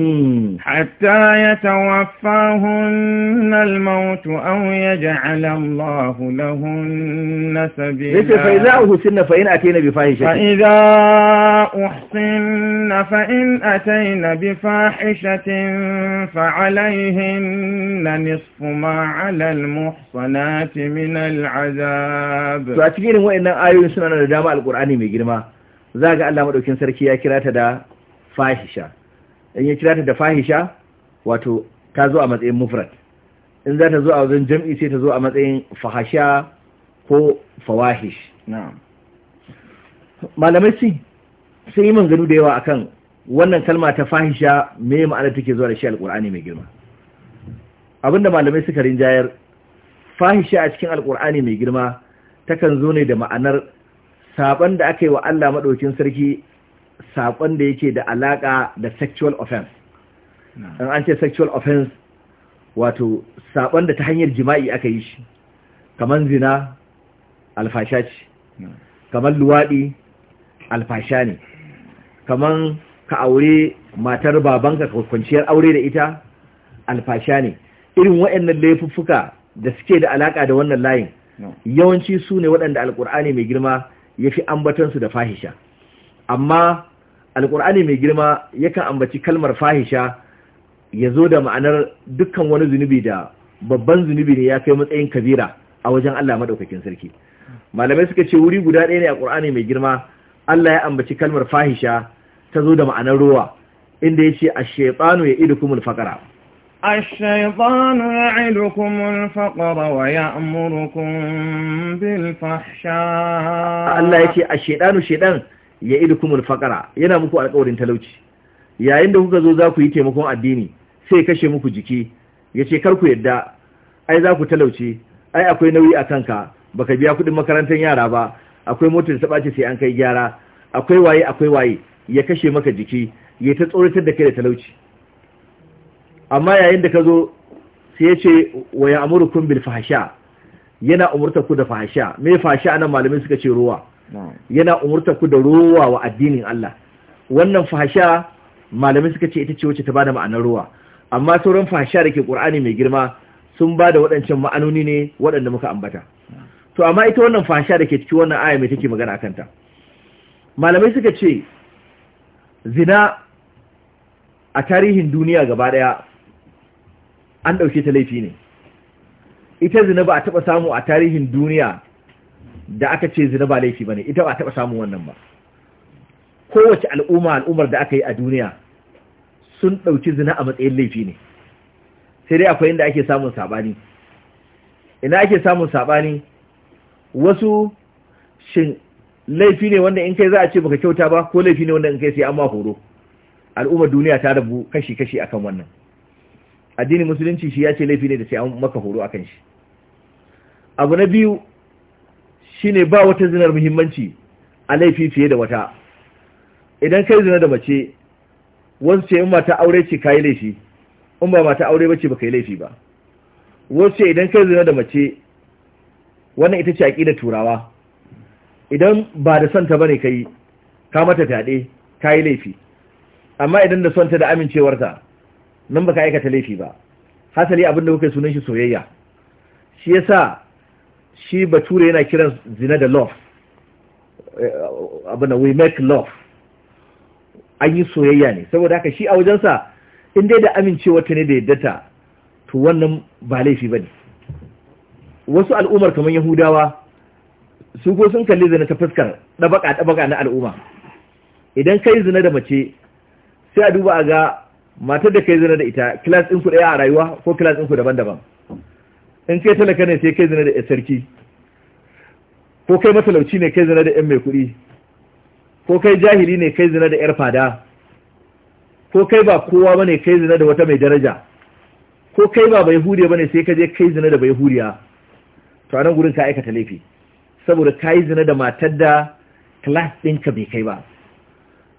حتى يتوفاهن الموت أو يجعل الله لهن سبيلا ليس فإذا أحسن فإن أتينا بفاحشة فإذا أحسن فإن أتينا بفاحشة فعليهن نصف ما على الموت muhsanati min al'azab to a cikin irin wayannan ayoyin suna da dama alqur'ani mai girma za ga Allah madaukin sarki ya kira ta da fahisha in ya kira ta da fahisha wato ta zo a matsayin mufrad in za ta zo a wajen jam'i sai ta zo a matsayin fahasha ko fawahish na'am malamai sun sai yi manganu da yawa akan wannan kalma ta fahisha me ma'ana take zuwa da shi alqur'ani mai girma abinda malamai suka rinjayar fahisha a cikin alkur'ani mai girma takan zo ne da ma'anar saban da aka yi wa Allah maɗaukin sarki saban da yake da alaƙa da sexual offense in an ce sexual offense wato saban da ta hanyar jima'i aka yi shi kamar zina alfasha ce kamar luwaɗi alfasha ne kamar ka aure matar babanka kwanciyar aure da ita alfasha ne irin waɗannan laifuffuka da suke da alaka da wannan layin yawanci su ne waɗanda alkur'ani mai girma ya fi ambatansu da fahisha amma Alƙur'ani mai girma yakan ambaci kalmar fahisha ya zo da ma'anar dukkan wani zunubi da babban zunubi ne ya kai matsayin kabira a wajen Allah maɗaukakin sarki malamai suka ce wuri guda ɗaya ne a ƙur'ani mai girma Allah ya ambaci kalmar fahisha ta zo da ma'anar ruwa inda ya ce a shaiɓanu ya idu kumul faƙara الشيطان يعدكم الفقر ويأمركم بالفحشاء الله يكي الشيطان الشيطان يعدكم الفقر yana muku alkawarin talauci yayin da kuka zo za ku yi taimakon addini sai kashe muku jiki yace kar ku yadda ai za ينوي talauce akwai nauyi a kanka baka biya kudin makarantar yara ba akwai motar ta ɓace sai an kai gyara akwai waye akwai waye ya kashe maka jiki ya ta tsoratar da kai da talauci amma yayin da ka zo sai ya ce wa ya amurkun bil fahasha yana umurta ku da fahasha me fahasha nan malamin suka ce ruwa yana umurta ku da ruwa wa addinin Allah wannan fahasha malamin suka ce ita ce wacce ta bada ma'anar ruwa amma sauran fahasha da ke Qur'ani mai girma sun bada waɗancan ma'anoni ne waɗanda muka ambata to amma ita wannan fahasha da ke cikin wannan aya mai take magana akan ta malamai suka ce zina a tarihin duniya gaba daya an ɗauke ta laifi ne ita zina ba a taɓa samu a tarihin duniya da aka ce zina ba laifi ba ne ita ba a taɓa samu wannan ba kowace al'umma al'ummar da aka yi a duniya sun ɗauki zina a matsayin laifi ne sai dai akwai inda ake samun saɓani ina ake samun saɓani wasu shin laifi ne wanda in kai za a ce baka kyauta ba ko laifi ne wanda in kai sai an ma horo al'ummar duniya ta rabu kashi-kashi akan wannan addinin musulunci shi ya ce laifi ne da sai an maka horo akan shi abu na biyu shine ba wata zinar muhimmanci a laifi fiye da wata idan kai zina da mace wasu ce in mata aure ce kayi laifi in ba mata aure bace baka yi laifi ba wasu ce idan kai zina da mace wannan ita ce da turawa idan ba da son ta bane kai ka mata fyaɗe kayi laifi amma idan da son ta da amincewarta nan baka aikata laifi ba hasali abin da kuka sunan shi soyayya shi yasa shi bature yana kiran zina da love eh, abin da we make love an yi soyayya ne saboda haka shi a wajensa in dai da amincewa ta ne da yaddata to wannan ba laifi ba ne wasu al'ummar kamar yahudawa su ko sun kalli zina ta fuskar ɗabaka ɗabaka na al'umma idan kai zina da mace sai a duba a ga matar da kai zina da ita kilas ɗin ku ɗaya a rayuwa ko kilas ɗin ku daban-daban in kai talaka ne sai kai zina da sarki ko kai matalauci ne kai zina da 'yan mai kuɗi ko kai jahili ne kai zina da 'yar fada ko kai ba kowa bane kai zina da wata mai daraja ko kai ba bai huriya bane sai ka je kai zina da bai huriya to a nan gurin ka aikata laifi saboda ka yi zina da matar da class ka bai kai ba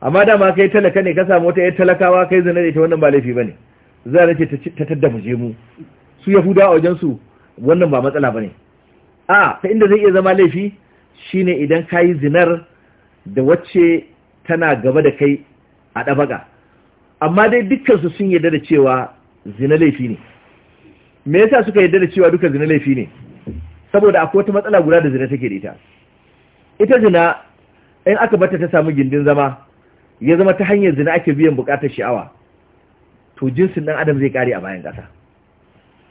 amma dama kai talaka ne ka samu wata yar talakawa kai zina da ita wannan ba laifi bane za ta ce ta tadda muje mu su yahuda a wajen su wannan ba matsala bane a ta inda zai iya zama laifi shine idan kai zinar da wacce tana gaba da kai a dabaka amma dai dukkan su sun yarda da cewa zina laifi ne me yasa suka yarda da cewa duka zina laifi ne saboda akwai wata matsala guda da zina take da ita ita zina in aka bata ta samu gindin zama ya zama ta hanyar zina ake biyan bukatar sha'awa to jinsin dan adam zai kare a bayan kasa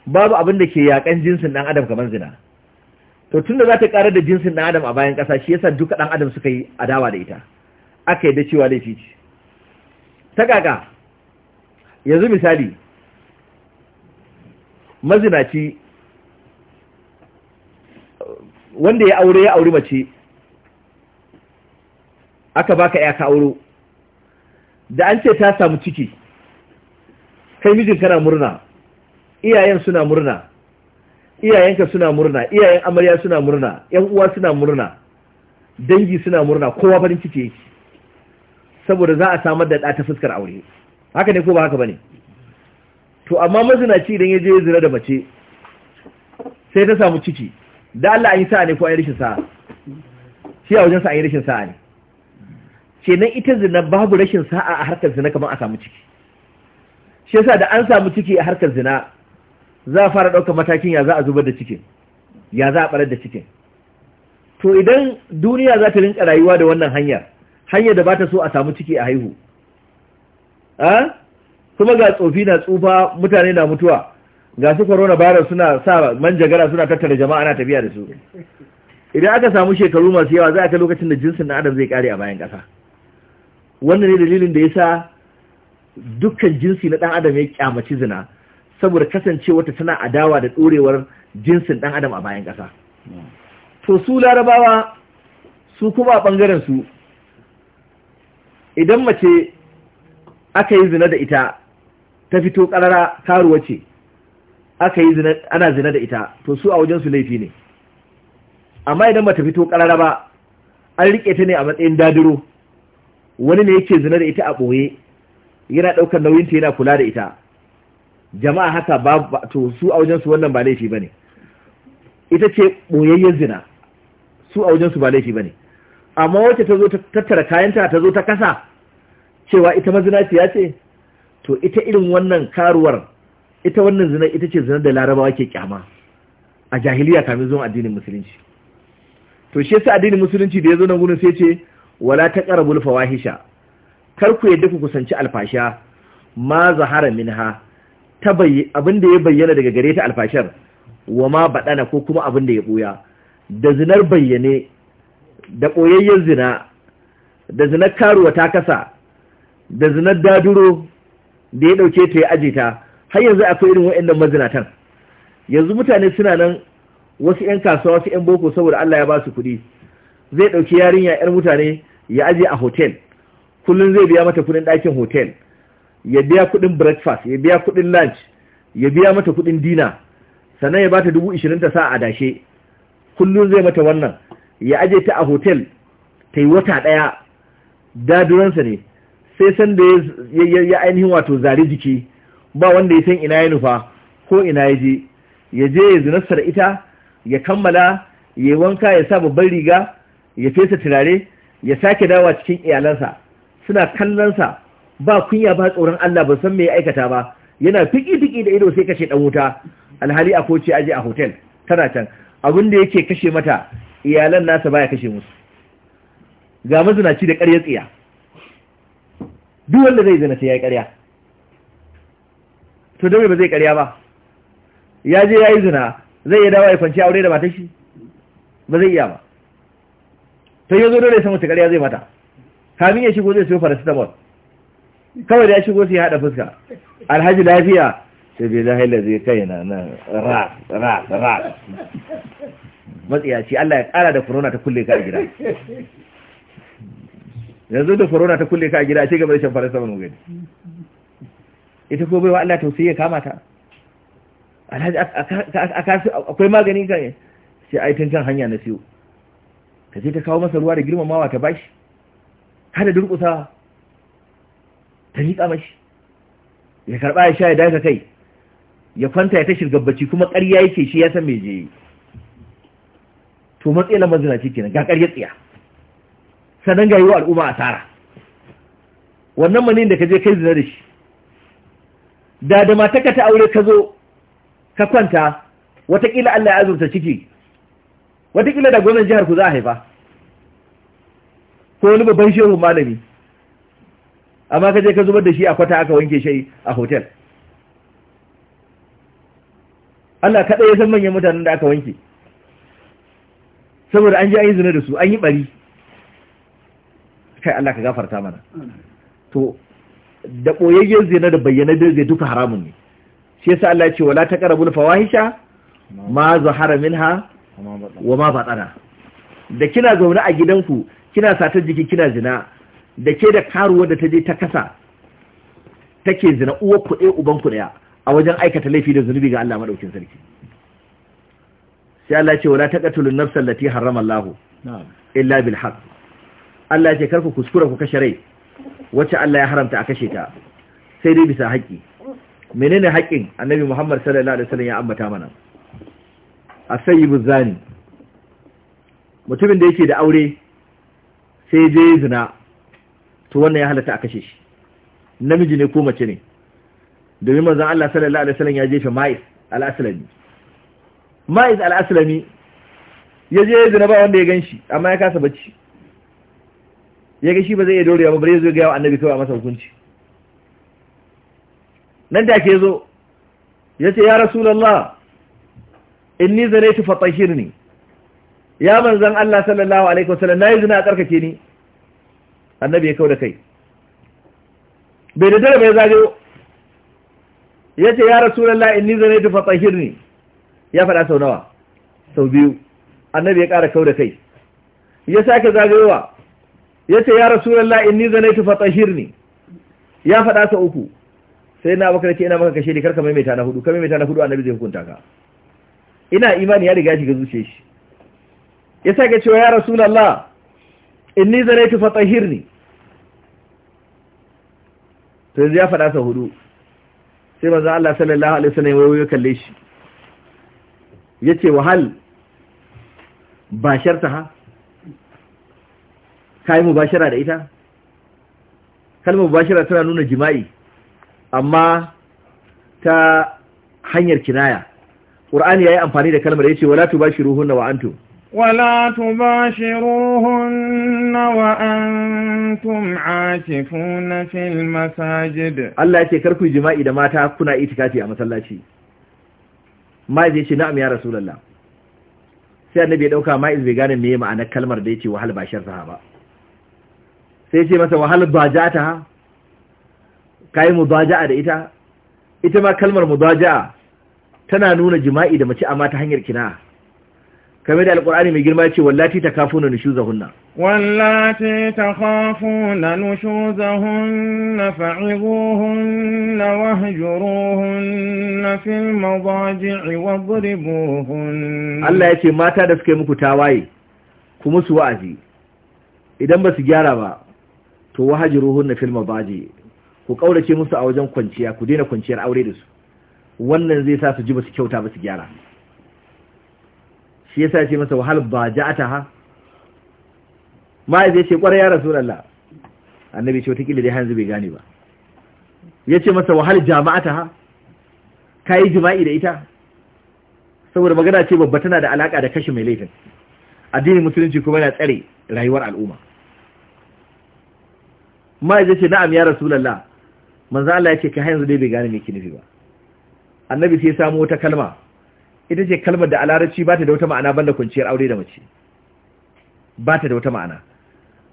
babu abin da ke yakan jinsin dan adam kamar zina to tunda za ta karar da jinsin dan adam a bayan kasa shi yasa duka dan adam suka yi adawa da ita aka yi da cewa laifi ce ta kaka yanzu misali mazinaci wanda ya aure ya auri mace aka baka ya ka auro da an ce ta samu ciki kai mijin kana murna iyayen suna murna iyayenka suna murna iyayen amarya suna murna yan uwa suna murna dangi suna murna kowa farin ciki yake saboda za a samar da ɗa ta fuskar aure haka ne ko ba haka bane to amma mazinaci idan ya je zira da mace sai ta samu ciki da Allah an yi sa'a ne ko an yi rashin sa'a shi a wajen sa an yi rashin sa'a ne kenan ita zina babu rashin sa'a a harkar zina kamar a samu ciki shi yasa da an samu ciki a harkar zina za a fara ɗaukar matakin ya za a zubar da cikin ya za a ɓarar da cikin to idan duniya za ta rinka rayuwa da wannan hanya hanyar da ba ta so a samu ciki a haihu kuma ga tsofi na tsufa mutane na mutuwa ga su Corona coronavirus suna sa manjagara suna tattara jama'a na tafiya da su idan aka samu shekaru masu yawa za a kai lokacin da jinsin na adam zai kare a bayan ƙasa wannan ne dalilin da ya sa dukkan jinsi na ɗan adam ya kyamaci zina saboda kasancewa ta tana adawa da ɗorewar jinsin ɗan adam a bayan ƙasa to su larabawa su kuma a bangaren su idan mace aka yi zina da ita ta fito ƙarara, karuwa ce aka yi zina ana zina da ita to su a wajen su laifi ne amma idan bata fito ƙarara ba an riƙe ta ne a matsayin dadiro wani ne yake zina da ita a ɓoye yana ɗaukar nauyinta yana kula da ita jama'a haka ba to su a wajensu wannan ba laifi ba ne ita ce ɓoyayyen zina su a wajensu ba laifi ba ne amma wacce ta zo ta tattara kayanta ta zo ta kasa cewa ita ya ce to ita irin wannan karuwar ita wannan zina ita ce zina da larabawa ke kyama a jahiliya kamin zuwan addinin musulunci to shi yasa addinin musulunci da ya zo nan gurin sai ce wala ta taqrabul fawahisha kar ku yadda ku kusanci alfasha ma zahara minha abin da ya bayyana daga gare ta alfashar wa ma baɗana ko kuma abin da ya ɓuya da zinar bayyane da ɓoyayyen zina da zinar karuwa ta kasa da zinar daduro da ya ɗauke ta ya ajita har yanzu akwai irin wa'in mazinatan yanzu mutane suna nan wasu 'yan kasuwa wasu 'yan boko saboda Allah ya ba su kuɗi zai ɗauki yarinya 'yar mutane ya aje a hotel kullum zai biya mata kuɗin ɗakin hotel ya biya kudin breakfast ya biya kuɗin lunch ya biya mata kuɗin dina sannan ya bata dubu ishirin ta sa a dashe kullum zai mata wannan ya aje ta a hotel ta yi wata ɗaya daduransa ne sai san da ya ainihin wato zare jiki ba wanda ya san ina ya nufa ko ina ya je ya je ya zinarsa da ita ya kammala ya yi wanka ya sa babban riga ya fesa turare ya sake dawa cikin iyalansa suna kallonsa ba kunya ba tsoron Allah ba san me ya aikata ba yana fiki-fiki da ido sai kashe dan wuta alhali a koce aje a hotel tana can abin da yake kashe mata iyalan nasa baya kashe musu ga mazinaci da ƙarya tsiya duk wanda zai zina sai ya ƙarya to dole ba zai ƙarya ba ya je ya yi zina zai ya dawa ya kwanci aure da matashi ba zai iya ba yi zo dole sai mutu ƙarya zai mata kamin ya shigo zai sita bol kawai da ya shigo sai ya haɗa fuska alhaji lafiya sai bai za haila zai kai na nan ras ras ras matsiyaci Allah ya ƙara da corona ta kulle ka a gida yanzu da corona ta kulle ka a gida a cigaba da shan paracetamol gani ita ko baiwa Allah tausayi ya kama ta alhaji akwai magani kan sai aitin kan hanya na siyo ka ce ta kawo masa ruwa da girmamawa ta bashi hada durkusa ta riƙa mashi ya karɓa ya sha ya daga kai ya kwanta ya ta gabbaci kuma ƙarya yake shi ya san me je to lamar zina kenan ga ƙarya tsiya sannan ga yi wa al'umma asara wannan manin da ka je kai zina da shi da da mataka ta aure ka zo ka kwanta watakila Allah ya azurta ciki watakila da gwamnan jihar ku za a haifa ko wani babban shehu malami amma ka je ka zubar da shi a kwata aka wanke shi a hotel Allah kaɗai ya san manyan mutanen da aka wanke saboda an ji an yi zina da su an yi ɓari kai Allah ka gafarta mana to da ɓoyayyen zina da bayyana zai duka haramun ne shi yasa Allah ce wala ta taqrabul fawahisha ma zahara minha wa ma batsana da kina zaune a gidanku kina satar jiki kina zina da ke da karuwa da ta je ta kasa take zina uwa ku ɗaya uban ku ɗaya a wajen aikata laifi da zunubi ga Allah maɗaukin sarki sai Allah ce wala taqatulun nafsal lati harrama Allah illa bil haqq Allah ce karku kuskura ku kashe rai wacce Allah ya haramta a kashe ta sai dai bisa haƙƙi menene haƙƙin Annabi Muhammad sallallahu alaihi wasallam ya ambata mana a sayi zani mutumin da yake da aure sai je zina to wannan ya halatta a kashe shi namiji ne ko mace ne domin manzon Allah sallallahu alaihi wasallam ya jefe mai al-Aslami mai al-Aslami ya je zina ba wanda ya ganshi amma ya kasa bacci ya ga shi ba zai iya dorewa ba bare zai ga annabi annabi kawai masa hukunci nan da ke zo ya ce ya rasulullah inni zanaitu hirni. ya manzon Allah sallallahu alaihi wasallam nayi zina a tsarkake ni annabi ya kauda kai bai da dare bai zage yace ya rasulullahi inni zanaitu hirni. ya faɗa sau nawa sau biyu annabi ya ƙara kauda kai ya sake zagewa yace ya rasulullahi inni zanaitu hirni. ya faɗa sau uku sai na bakar ce ina maka kashe ni karka maimaita na hudu ka maimaita na hudu annabi zai hukunta ka ina imani ya riga ga zuciya shi ya sa ga cewa ya zane inni zanaitu fatahirni to yanzu ya faɗa sa hudu sai maza Allah sallallahu alaihi wasallam wayo ya kalle shi Ya ce wahal ba sharta ha kai mubashara da ita kalmar mubashara tana nuna jima'i amma ta hanyar kinaya qur'ani yayi amfani da kalmar yace wala tubashiruhunna wa antum ولا تباشروهن وأنتم عاكفون في المساجد الله يتي Karku jima'i da mata kuna itikafi a masallaci Maiz yace na'am ya Rasulullah sai annabi ya dauka Maiz bai gane meye ma'anar kalmar da yace wahal bashar sahaba sai yace masa wahal bajata kai mudaja'a da ita ita ma kalmar mudaja'a tana nuna jima'i da mace amma ta hanyar kina kamar da alkur'ani mai girma ce wallati ta kafu na nushuzahunna wallati ta kafu na nushuzahunna fa'izuhunna wahjuruhunna fil madaji'i wadribuhunna Allah ya ce mata da suka yi muku tawaye kuma su wa'azi idan ba su gyara ba to wahjuruhunna fil madaji'i ku kaurace musu a wajen kwanciya ku daina kwanciyar aure da su wannan zai sa su ji ba su kyauta ba su gyara shi yasa ce masa wahal ba ja'ata ha mai zai ce kwarai ya rasulullah annabi ce wataƙila dai hanzu bai gane ba ya ce masa wahal jama'ata ha ka yi jima'i da ita saboda magana ce babba tana da alaƙa da kashe mai laifin addinin musulunci kuma yana tsare rayuwar al'umma mai zai ce na'am ya rasulullah manzo Allah ya ce ka hanzu dai bai gane me ke nufi ba annabi sai ya samu wata kalma ita ce kalmar da a larabci ba ta da wata ma'ana banda kwanciyar aure da mace ba ta da wata ma'ana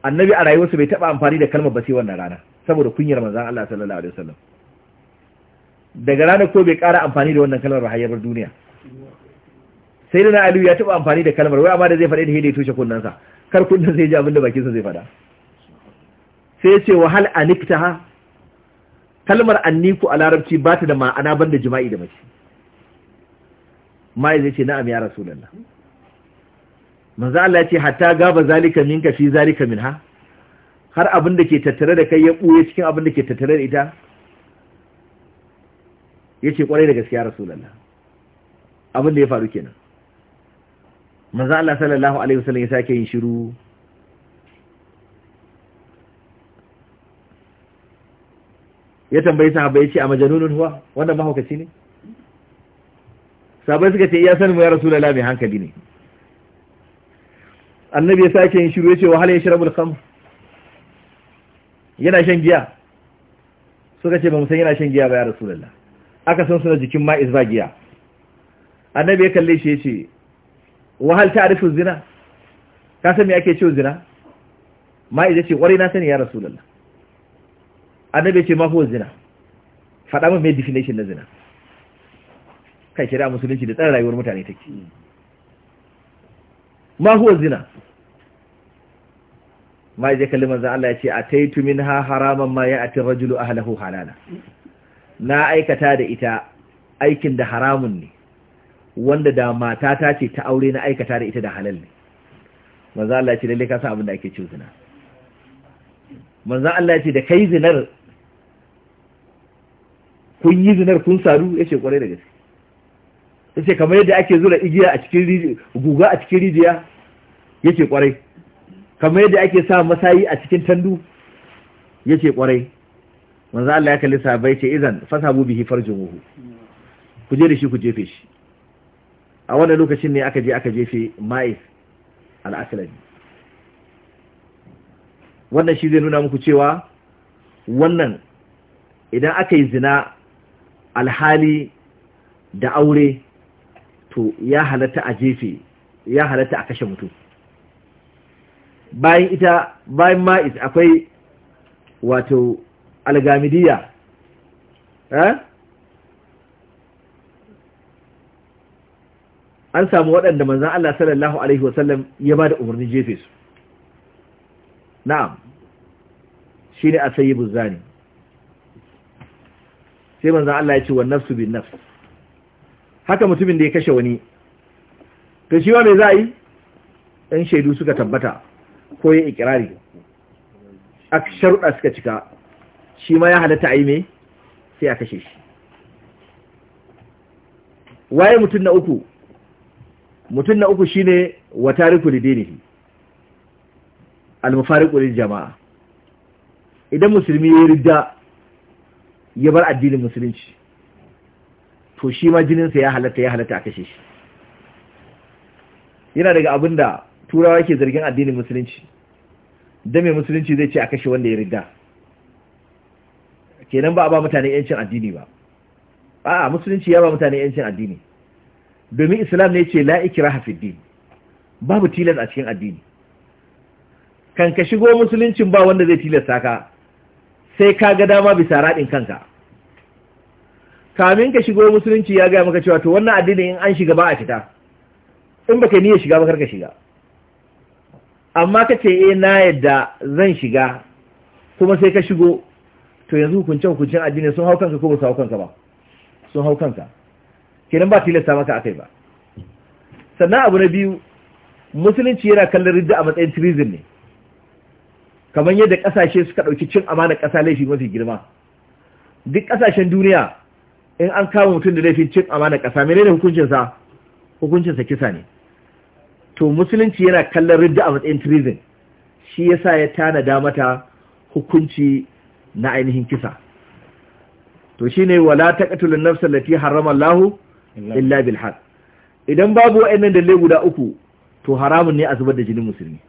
annabi a rayuwarsa bai taɓa amfani da kalmar ba sai wannan rana saboda kunyar manzan Allah sallallahu alaihi wasallam daga ranar ko bai ƙara amfani da wannan kalmar ba duniya sai da na aliyu ya taɓa amfani da kalmar wai amma da zai faɗi da hidai tushe sa kar sai zai ji abin da bakinsa zai faɗa sai ya ce wa hal aniktaha kalmar anniku a larabci ba ta da ma'ana ban da jima'i da mace mai ya ce na'am ya rasulullah manzo Allah ya ce hatta gaba zalika minka fi zalika minha har abin da ke tattare da kai ya buye cikin abin da ke tattare da ita yace kwarai da gaskiya rasulullah abin da ya faru kenan manzo Allah sallallahu alaihi wasallam ya sake yin shiru ya tambayi sahabbai ya ce a majanunun huwa wannan mahaukaci ne sahabbai suka ce ya sani mu ya rasu da lami hankali ne annabi ya sake yin shiru ya ce wahala ya shirabu al kam yana shan giya suka ce ba mu san yana shan giya ba ya rasu la aka san suna jikin ma'iz ba giya annabi ya kalle shi ya ce wahal arifin zina ka san me ake cewa zina ma'iz ya ce kwarai na sani ya rasu la annabi ce ma huwa zina faɗa min mai definition na zina kai shari'a musulunci da tsara rayuwar mutane ke. ma huwa zina ma je kalli manzan Allah ya ce a taitu min ha haraman ma ya atin rajulu ahlahu halala na aikata da ita aikin da haramun ne wanda da mata ta ce ta aure na aikata da ita da halal ne manzan Allah ya ce lalle ka san abin da ake ce zina manzan Allah ya ce da kai zinar kun yi zinar kun sadu ya ce kwarai da gaske ya ce kamar yadda ake zura igiya a cikin guga a cikin rijiya ya ce kwarai kamar yadda ake sa masayi a cikin tandu ya ce kwarai manzo Allah ya kalli sahabbai ce idan fasabu bihi farjumuhu ku je da shi ku jefe shi a wannan lokacin ne aka je aka jefe ma'is al-aslami wannan shi zai nuna muku cewa wannan idan aka yi zina alhali da aure to ya halatta a jefe ya halatta a kashe mutum bayan ita bayan ma'is akwai wato algamidiya eh? an samu waɗanda manzan Allah sallallahu Alaihi wasallam ya ba da umarnin jefe su na'am shi ne a sayi buzzani sai manzon Allah ya ce wa nafsu bin nafs haka mutumin da ya kashe wani to shi ma me za yi in shaidu suka tabbata ko ya ikirari a sharuɗa suka cika shi ma ya halatta a yi mai sai a kashe shi waye mutum na uku mutum na uku shine watariku lidinihi lil jama'a idan musulmi ya ridda ya bar addinin musulunci to shi ma jininsa ya halatta ya halatta a kashe shi yana daga abin da turawa ke zargin addinin musulunci da mai musulunci zai ce a kashe wanda ya riga kenan ba a ba mutane yancin addini ba a'a musulunci ya ba mutane yancin addini domin islam ne ce la'ikira ikraha babu tilas a cikin addini kan ka shigo musuluncin ba wanda zai tilasta ka sai ka ga dama bisa raɗin kanka kamin ka shigo musulunci ya gaya maka cewa to wannan addini in an shiga ba a fita in baka niyyar shiga ba karka shiga amma ka ce eh na yadda zan shiga kuma sai ka shigo to yanzu hukuncin hukuncin addini sun hau kanka ko ba su hau kanka ba sun hau kanka kenan ba tilasta maka akai ba sannan abu na biyu musulunci yana kallon ridda a matsayin treason ne kamar yadda kasashe suka ɗauki cin amana kasa laifi mafi girma duk kasashen duniya in an kama mutum da laifin cin amana kasa menene hukuncin sa hukuncin sa kisa ne to musulunci yana kallon ridda a matsayin treason shi yasa ya tanada mata hukunci na ainihin kisa to shine wala taqtulun nafsal lati harrama Allahu illa bil idan babu wa'annan lai guda uku to haramun ne a zubar da jinin musulmi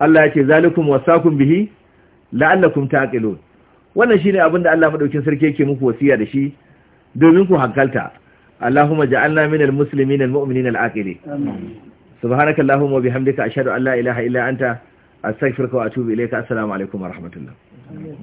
Allah ya ce zalikum wasakum bihi la'allakum taqilun wannan shine abin da Allah madaukin sarki yake muku wasiya da shi domin ku hankalta Allahumma ja'alna minal muslimin almu'minin alaqili subhanaka allahumma bihamdika ashhadu an la ilaha illa anta astaghfiruka wa atubu ilayka assalamu alaikum wa rahmatullah